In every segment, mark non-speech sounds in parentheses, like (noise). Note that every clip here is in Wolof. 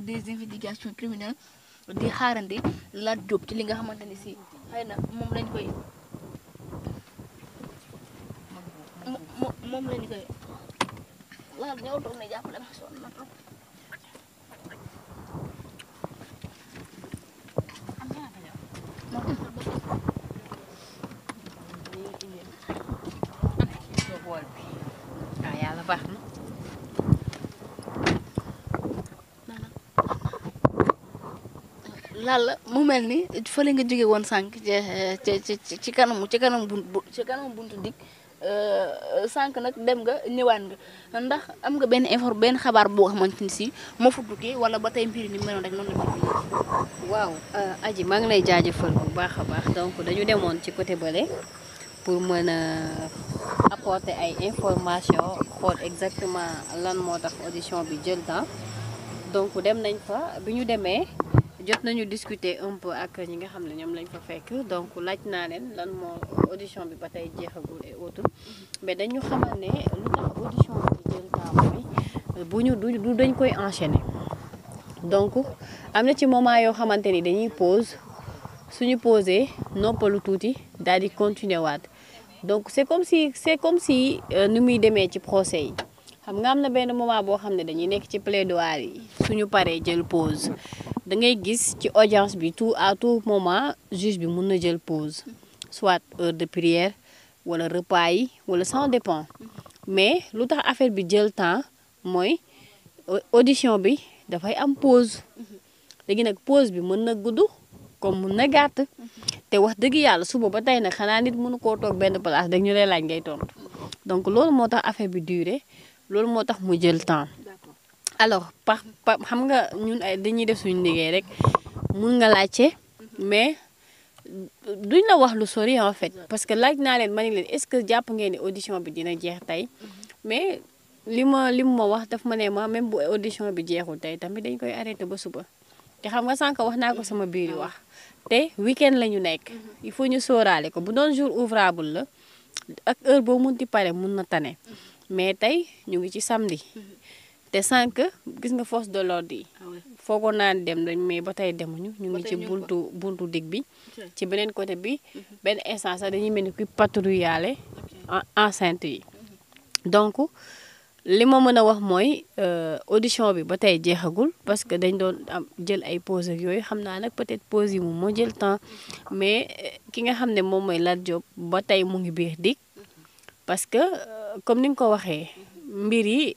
des investigations criminelles di xaarandi Lat Diop ci li nga xamante ni si xëy na moom lañ koy moom lañ koy laal ñëw toog ne jàppale ma sonn na trop baax na Lalla mu mel ni fële nga jóge woon sànq ci ci kanamu ci kanamu buntu ci kanamu buntu dig euh, sànq nag dem nga ñëwaan nga ndax am nga benn info benn xabaar boo xamante ni si moo fa tukkee wala ba tey mbir ni meloon rek noonu waaw euh, aji maa ngi lay jaajëfal bu baax a baax donc dañu demoon ci côté bële pour mën a apporter ay information xool exactement lan moo tax audition bi jël temps donc dem nañ fa bi ñu demee jot nañu discuter un peu ak ñi nga xam ne ñoom lañ fa fekk donc laaj naa leen lan moo audition bi ba tey jeexagul et autres mhm. mais dañu xaman ne lu tax euh, du dañ koy enchaîner donc am na ci moment yoo xamante ni dañuy pause suñu posé noppalu tuuti daal di continuer waat donc c'est comme si c'est comme si euh, nu muy demee ci procès yi xam nga am na benn moment boo xam ne dañuy nekk ci plaidoirie yi suñu paree jël pause. da ngay gis ci audience bi tout à tout moment juge bi mun na jël pause soit heure de prière wala repas yi wala sans dépend mais lu tax affaire bi jël temps mooy audition bi dafay am pause léegi nag pause bi mën na gudd comme mun na gàtt te wax dëgg yàlla suba ba tey nag xanaa nit munu koo toog benn place rek ñu lay laaj ngay tontu donc loolu moo tax affaire bi duré loolu moo tax mu jël temps. alors par xam nga ñun dañuy def suñu liggéey rek mun nga laajte mais duñ la wax lu sori en fait parce que laaj naa leen ma ne leen est-ce que jàpp ngeen ni audition bi dina jeex tey mais li ma li mu ma wax daf ma ne ma même bu audition bi jeexul tey tamit dañ koy arrêté ba suba te xam nga sànq wax naa ko sama biir wax te week-end la ñu nekk il faut ñu sóoraale ko bu doon jour ouvrable la ak heure boo munti pare mun na tane mais tey ñu ngi ci samedi. te sànq gis nga force de l'ordre yi ah foogoon naa dem dañ mais ba tey demuñu ñu ngi ci buntu buntu dig bi ci beneen côté bi mhm. benn instant sax dañuy mel ni kuy patrouiller enceinte yi mhm. donc li ma mën a wax mooy euh, audition bi ba tey jeexagul parce que dañ doon am jël ay pause yooyu xam naa nag peut-être pause yi moom moo jël temps mais euh, ki nga xam ne moom mooy Lat Diop ba tey mu ngi biir dig mhm. parce que euh, comme ni nga ko waxee mbir yi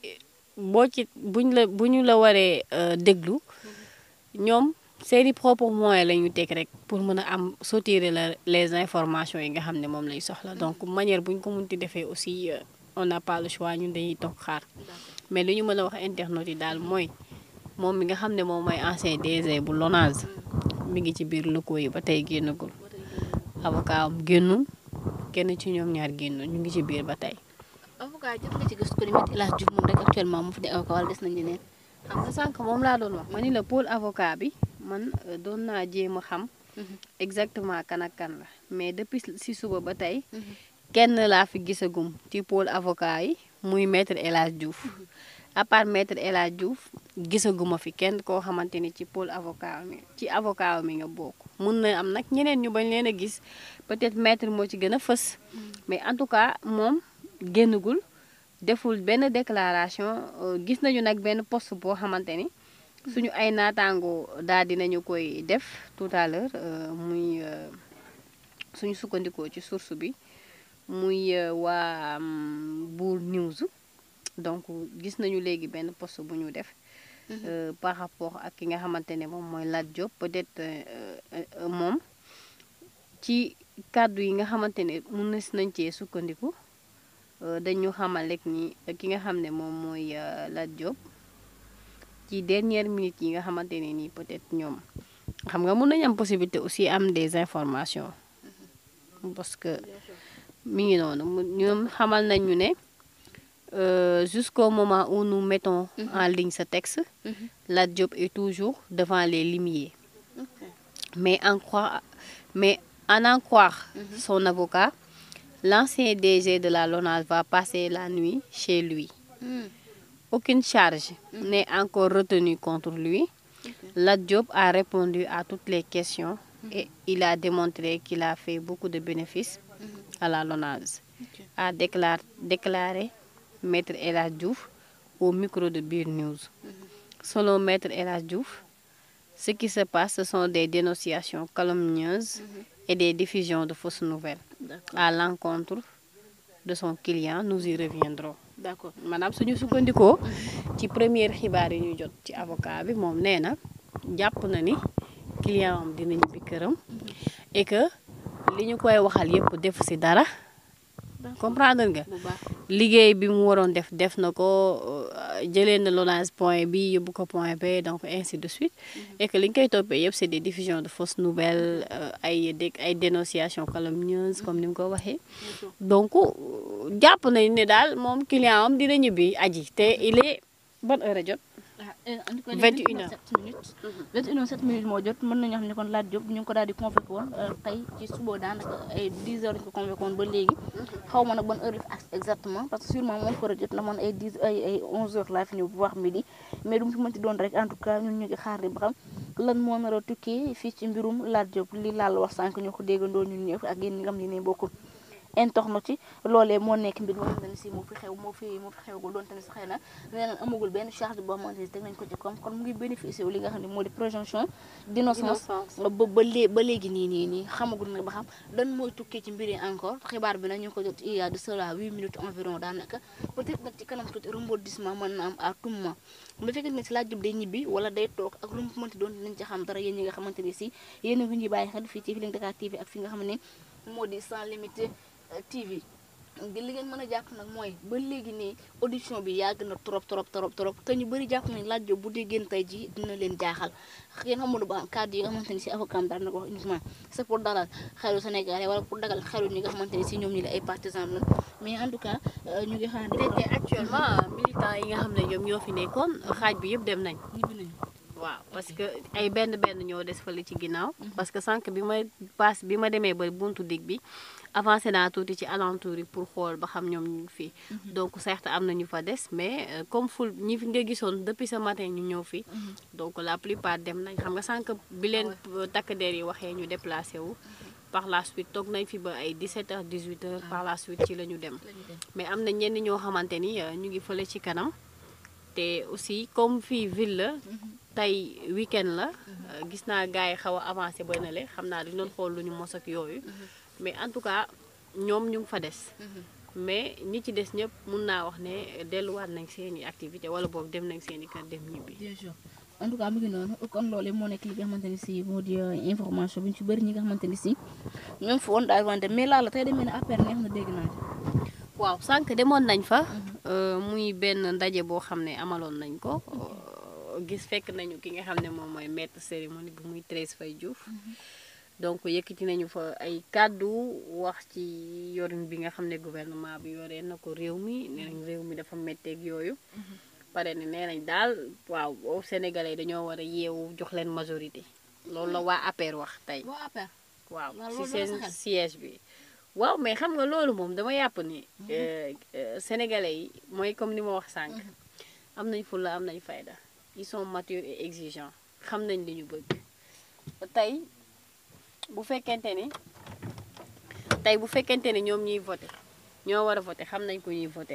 boo ci buñ la bu ñu la waree euh, déglu ñoom seeni propre moyen la ñu teg rek pour mën a am soutirer la les informations yi nga xam ne moom lay soxla donc manière bu ñu ko ti defee aussi euh, on n'a pas le choix ñun dañuy toog xaar mais li ñu mën a wax internet yi daal mooy moom mi nga xam ne moom mooy ancien DG bu LONASE mi ngi ci biir locaux yi ba tey génn génnagul avocat am génnul kenn ci ñoom ñaar génnul ñu ngi ci biir ba tey cas jot nga ci gis ko ni Me El Hadji Diouf moom rek actuellement moo fi nekk avocat wala des nañ ñeneen xam nga sànq moom laa doon wax ma ni la pôle avocat bi man euh, doon naa jéem a xam. Mhm. exactement kan ak kan la mais depuis si suba ba tey. Mhm. kenn laa fi gisagum ci pôle avocat yi muy maître El Hadji Diouf mhm. à part maître El Hadji Diouf gisaguma fi kenn koo xamante ni ci pôle avocat mi ci avocat mi nga bokk. mun na am nag ñeneen ñu bañ leen a gis peut-être maître moo ci gën a fës mais en tout cas moom génnagul. deful benn déclaration euh, gis nañu nag benn poste boo xamante ni suñu ay naataangoo daal dinañu koy def tout à l'heure euh, muy euh, suñu sukkandikoo ci source bi muy waa mm, buur News donc gis nañu léegi benn poste bu ñu def mhm. par rapport ak ki nga xamante ne moom mooy Lat Diop peut-être moom ci kàddu yi nga xamante ne mun na si nañ cee sukkandiku Euh, dañu xamal rek nii euh, ki nga xam ne moom mooy euh, Lat Diop ci dernière minute yi nga xamante ne nii peut-être ñoom xam nga mun nañ am possibilité aussi am des informations parce que mi ngi noonu ñoom xamal nañ ñu ne jusqu'au moment où nous mettons mhm. en ligne ce texte mhm. Lat Diop est toujours devant les limiers mais en croire mais en en croire mhm. son avocat L'ancien DG de la LONASE va passer la nuit chez lui. Mm. Aucune charge mm. n'est encore retenue contre lui. Okay. Lat a répondu à toutes les questions hmm. et il a démontré qu'il a fait beaucoup de bénéfices hmm. à la LONASE, okay. a déclaré, Maître El Hadj Diouf au micro de Bir News. Hmm. Selon Maître El Hadj Diouf, ce qui se passe, ce sont des dénonciations calomnieuses et des diffusions de fausses nouvelles. à l'encontre de son client nous y reviendrons. d' suñu sukkandikoo ci première xibaar yi ñu jot ci avocat bi moom nee na jàpp na ni client am dina ñibbi këram et que li ñu koy waxal yëpp def si dara comprendre nga liggéey bi mu waroon def def na ko euh, jëlee na Lonase point bi yóbbu ko point B donc ainsi de suite mm-hmm. et que li ñu koy toppee yëpp c' est des diffusions de fausses nouvelles euh, ay dé ay dénonciations calomnieuses comme ni nga ko waxee mm-hmm. donc euh, jàpp nañ ne daal moom client am dina ñibbi aji te il est ban jot 21 eh, heures 21 heures 7 minutes moo jot mën nañu xam ne kon Lat Diop ñu ngi ko daal di convoqué woon euh, ci suba daanaka ay 10 heures ñu ko convoqué ba léegi xaw ma na ban heure la fi exactement parce que sûrement moom ko jot na man ay 10 ay laa fi ñëw bu wax midi mais du mu fi mënti doon rek en tout cas ñun ñu ngi xaar di ba xam lan moo nar a tukkee fii ci mbirum Lat Diop li laal wax sànq ñoo ko déggandoo ñun ñëpp ak yéen ñi nga xam ne bokkul internet yi loolee moo nekk mbir moo xamante ne si moo fi xew moo fi moo fi xewagul doon tamit si xëy na nee amagul benn charge boo kon mu ngi bénéficié wu li nga xam ne moo di présomption d'innocence ba ba lée ba léegi nii nii nii xamagul nag ba xam dan mooy tukkee ci mbir yi encore xibaar bi nag ñu ngi ko jot il y a de cela huit minutes environ daanaka peut-être ci kanam tuuti rebondissement mën na am à tout moment bu si laaj jub day ñibbi wala day toog ak lu mu mënti doon dinañ ci xam dara yéen ñi nga xamante ne si yéen a ngi ñuy bàyyi xel fii ci Feeling Dakar TV nga xam TV li ngeen mën a jàpp nag mooy ba léegi nii audition bi yàgg na trop trop trop trop te ñu bëri jàpp nañ laaj bu déggeen tey ji dina leen jaaxal xëy na Amadou Ba kàddu yi nga xamante ni si avocat daan na ko wax uniquement c'est pour dalal xelu Sénégalais wala pour dagal xelu ñi nga xamante ni si ñoom ñi la ay partisans la mais en tout cas euh, ñu ngi xaar te actuellement militants yi nga xam ne ñoom ñoo fi nekkoon xaaj bi yëpp dem nañ ñibbi nañ waaw parce que ay benn benn ñoo des fële ci ginnaaw mhm. parce que sànq bi ma paas bi ma demee ba buntu dig bi avancé naa tuuti ci alentour yi pour xool ba xam ñoom ñu ngi fii mhm. donc certes am na ñu fa des mais euh, comme ful ñi fi nga gisoon depuis sa matin ñu ñëw fii mhm. donc la plupart dem nañ xam nga sànq bi leen ah takk der yi waxee ñu déplacé wu par la suite toog nañ fi ba ay 17 heures 18 heures ah. par la ci la ñu dem mais am na ñenn ñoo xamante ni euh, ñu ngi fële ci kanam te aussi comme fii ville la mhm. tey week-end la euh, gis naa gars yi xaw a avancé ba nale xam naa dañu doon xool lu ñu mos yooyu mais en tout cas ñoom ñu fa des. Mm-hmm. mais ñi ci des ñëpp mun naa wax ne delluwaat nañ seen activité wala boobu dem nañ seen i kër dem ñibbi. bien en tout cas mu ngi noonu moo nekk li nga ni si moo di euh, information bi ñu ci bëri ñi nga xamante ni si ñoom fa woon daal wante mais la tey demee ne affaire neex na dégg naa waaw sànq demoon nañ fa. Mm-hmm. Euh, muy benn ndaje boo xam ne amaloon nañ ko. Mm-hmm. Euh, gis fekk nañu ki nga xam ne moom mooy maître cérémonie bi muy Thérèse fay Diouf. donc yëkkati nañu fa ay kàddu wax ci yorin bi nga xam ne gouvernement bi yoree na ko réew mi mhm. nee réew mi dafa métteeg yooyu mhm. pare ne nee nañ daal waaw yi dañoo war a yeewu jox leen majorité loolu la waa APR wax tey waaw si seen siège bi waaw mais xam nga loolu moom dama yàpp ni mhm. euh, euh, sénégalais yi mooy comme ni ma wax sànq am nañ la am nañ fayda ils sont matures et xam nañ li ñu bëgg tey bu fekkente ni tey bu fekkente ni ñoom ñuy voté ñoo war a voté xam nañ ko ñuy voté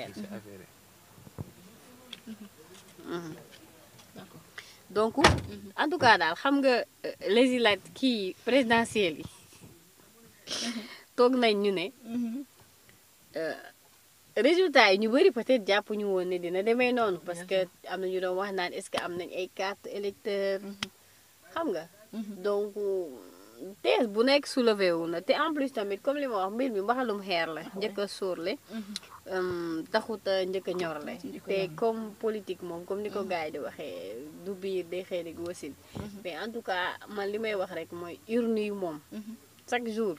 mhm. donc en tout cas daal xam nga euh, législatives kii présidentielles yi toog nañ ñu ne mhm. euh, résultat yi ñu bëri peut-être jàpp ñu woon ne dina demee noonu parce que am na ñu doon wax naan est-ce que am nañ ay carte électeur mhm. xam nga donc tees bu nekk soulevé wu na te en plus tamit comme li ma wax mbir mi mbaxalum xeer la ah njëkk a suurle mhm. um, taxuta njëkk a ñorle te comme politique moom comme ni ko mhm. gars yi di waxee du biir day xëy nig wasin mhm. mais en tout cas man li may wax rek mooy urne yu moom chaque jour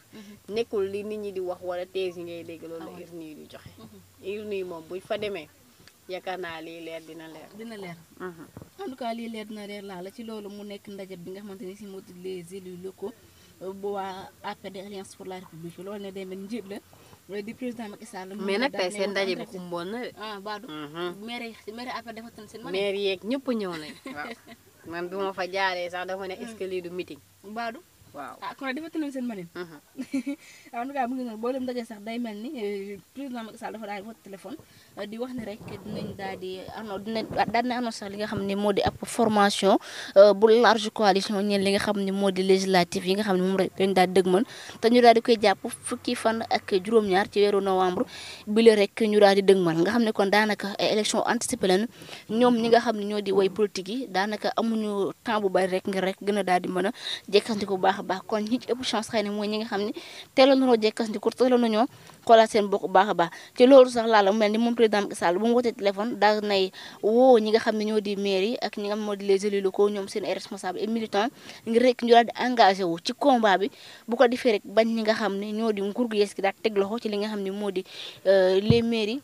nekkul li nit ñi di wax wala thèse yi ngay dégg loolu la ah urne yi di joxe urne yi moom buñ fa demee yaakaar naa lii leer dina leer dina leer en tout cas lii leer dina leer laa la ci loolu mu nekk ndaje bi nga xamante ni si moo di bu waa APD alliance pour la république loolu ne demee njiit la euh, di président Macky Sall. mais nag tey seen ndaje bi xumboon na de. ah Badou. Mhm. maire yi maire APD dafa tën seen. maire yeeg ñëpp ñëw nañu. (laughs) man bi ma fa jaaree sax dafa ne est-ce que lii du waaw ah kon defati nañu seen mënin. (laughs) en tout cas mu ngi noonu boo leen dajee sax day mel ni eh, président Macky Sall dafa daal di woote téléphone eh, di wax ni rek dinañ daal di ano dinañ daal di annonce sax li nga xam ne moo di ab formation eh, bu large coalition ñeen li nga xam ne moo di législative yi nga xam ne moom rek lañ daal di dëgmal te ñu daal di koy jàpp fukki fan ak juróom-ñaar ci weeru novembre bi la rek ñu daal di dëgmal nga xam ne kon daanaka élection anticipée lañu ñoom ñi nga xam ne ñoo di way politique yi daanaka amuñu temps bu bari rek ngir rek gën a daal di mën a jekkanti ko bu baax baax kon ñi ci ëpp chance xëy na mooy ñi nga xam ne teeloon nañoo jekkasandiku teeloon nañoo xoolaat seen bopp bu baax a baax ci loolu sax laa la mel ni moom président Macky Sall bu mu wootee téléphone daal nay woo ñi nga xam ne ñoo di maire ak ñi nga xam ne moo di les élus locaux ñoom seen ay responsables et militants ngir rek ñu daal di engagé wu ci combat bi bu ko defee rek bañ ñi nga xam ne ñoo di nguur yees gi daal teg ci li nga xam ne moo di euh, les maires yi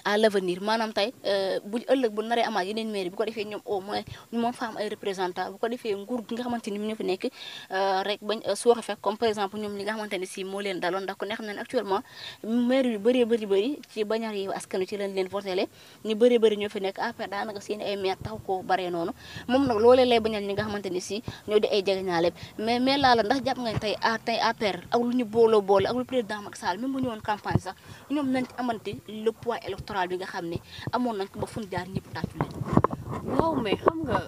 à l'avenir maanaam euh, bu ëllëg bu naree amaat yeneen mairie bu ko defee ñoom moom fa ay représentant bu ko defee nguur gi nga xamante euh, euh, si moo leen daloon ndax ku ne xam ne actuellement mais mais laala ndax jàpp nga tey a tey ak lu ñu booloo boole ak lu président Macky Sall même bu ñëwoon campagne sax ñoom nañ amante le poids et électoral bi nga xam ne amoon nañ ko ba fun jaar ñëpp tàccu leen waaw mais xam nga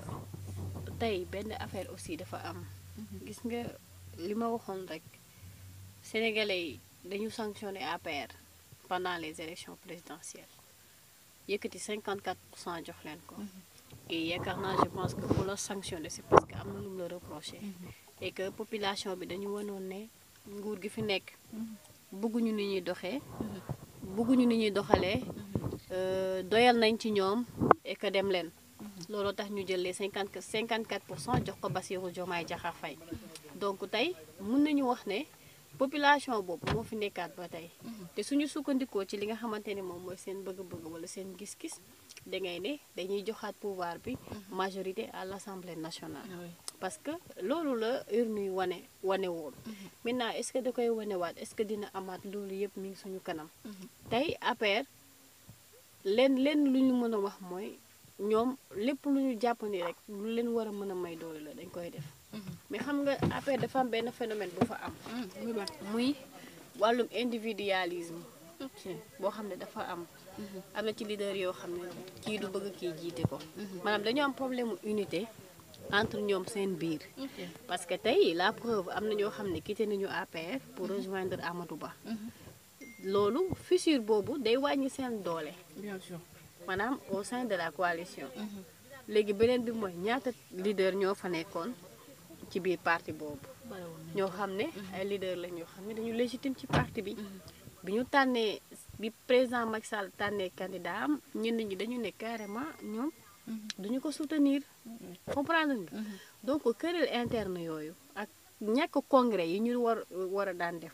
tey benn affaire aussi dafa am gis nga li ma waxoon rek sénégalais yi dañu sanctionné APR pendant les élections présidentielles yëkkati 54 pour cent jox leen ko mhm. et yaakaar naa je pense que pour la sanctionner c'est parce que am na lu mu la reproché mhm. et population bi dañu wanoon ne nguur gi fi nekk mhm. bëgguñu ni ñuy doxee bëgguñu ni ñuy doxalee Euh, doyal nañ ci ñoom et que dem leen looloo tax ñu jël les cinquante cinquante quatre pour cent jox ko Bassirou Diomaye Diakhar fay donc tey mun nañu wax ne population boobu moo fi nekkaat ba tey te suñu sukkandikoo ci li nga xamante ne moom mooy seen bëgg-bëgg wala seen gis-gis da ngay ne dañuy joxaat pouvoir bi majorité à l'Assemblée nationale parce que loolu la urne yi wane wane woon mhm. maintenant est-ce da koy wanewaat est-ce que dina amaat loolu yëpp mi ngi suñu kanam mhm. tey APR lenn lenn lu ñu mën a wax mooy ñoom lépp lu ñu jàpp ni rek lu leen war a mën a may doole la dañ koy def mm-hmm. mais xam nga affaire dafa am benn phénomène bu fa am mm-hmm. muy wàllum individualisme boo xam ne dafa am mm-hmm. am na ci leader yoo xam ne kii du bëgg kii jiite ko maanaam dañoo am problème mu unité entre ñoom seen biir parce que tey la preuve am na ñoo xam ne kii te quitté ñu APR pour rejoindre Amadou Ba loolu fissure boobu day wàññi seen doole. bien maanaam au sein de la coalition. Mhm. léegi beneen bi mooy ñaata leader ñoo fa nekkoon ci biir parti boobu. ñoo xam ne mhm. ay leader la ñoo xam ne dañu légitime ci parti bi. Mhm. bi ñu tànnee bi président Macky Sall tànnee candidat am ñi dañu ne carrément ñoom. duñu ko soutenir comprendre nga. donc querelle interne yooyu ak ñàkk congrès yi ñu war war a daan def